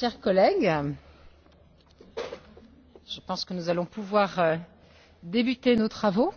chers collègues je pense que nous allons pouvoir euh, débuter nos travaux.